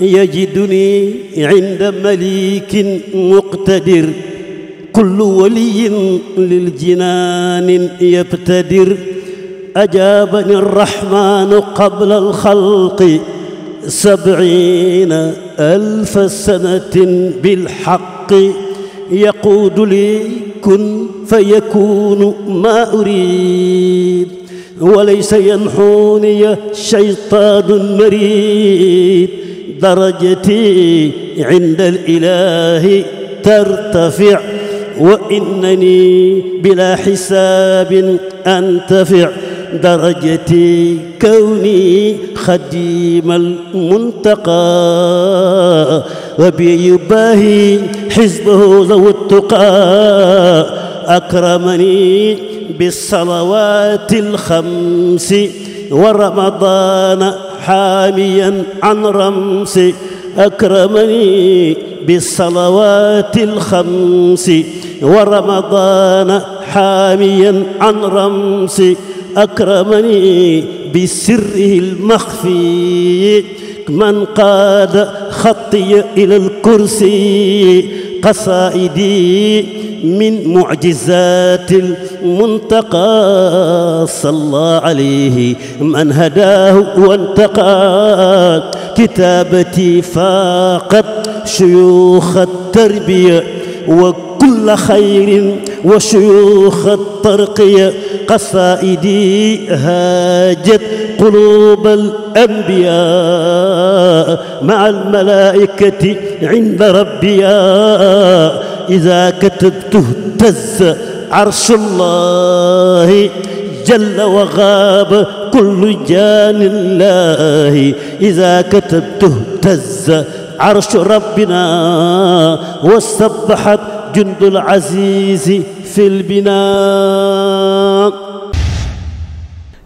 يجدني عند مليك مقتدر كل ولي للجنان يبتدر أجابني الرحمن قبل الخلق سبعين ألف سنة بالحق يقود لي كن فيكون ما أريد وليس ينحوني شيطان مريد درجتي عند الإله ترتفع وإنني بلا حساب أنتفع درجتي كوني خديم المنتقى وبي يباهي حزبه ذو التقى أكرمني بالصلوات الخمس ورمضان حاميا عن رمس أكرمني بالصلوات الخمس ورمضان حاميا عن رمس أكرمني بسره المخفي من قاد خطي إلى الكرسي قصائدي من معجزات المنتقى صلى عليه من هداه وانتقى كتابتي فاقت شيوخ التربية وكل خير وشيوخ الترقية قصائدي هاجت قلوب الأنبياء مع الملائكة عند ربيا إذا كتبت اهتز عرش الله جل وغاب كل جان الله إذا كتبت اهتز عرش ربنا وسبحت جند العزيز في البناء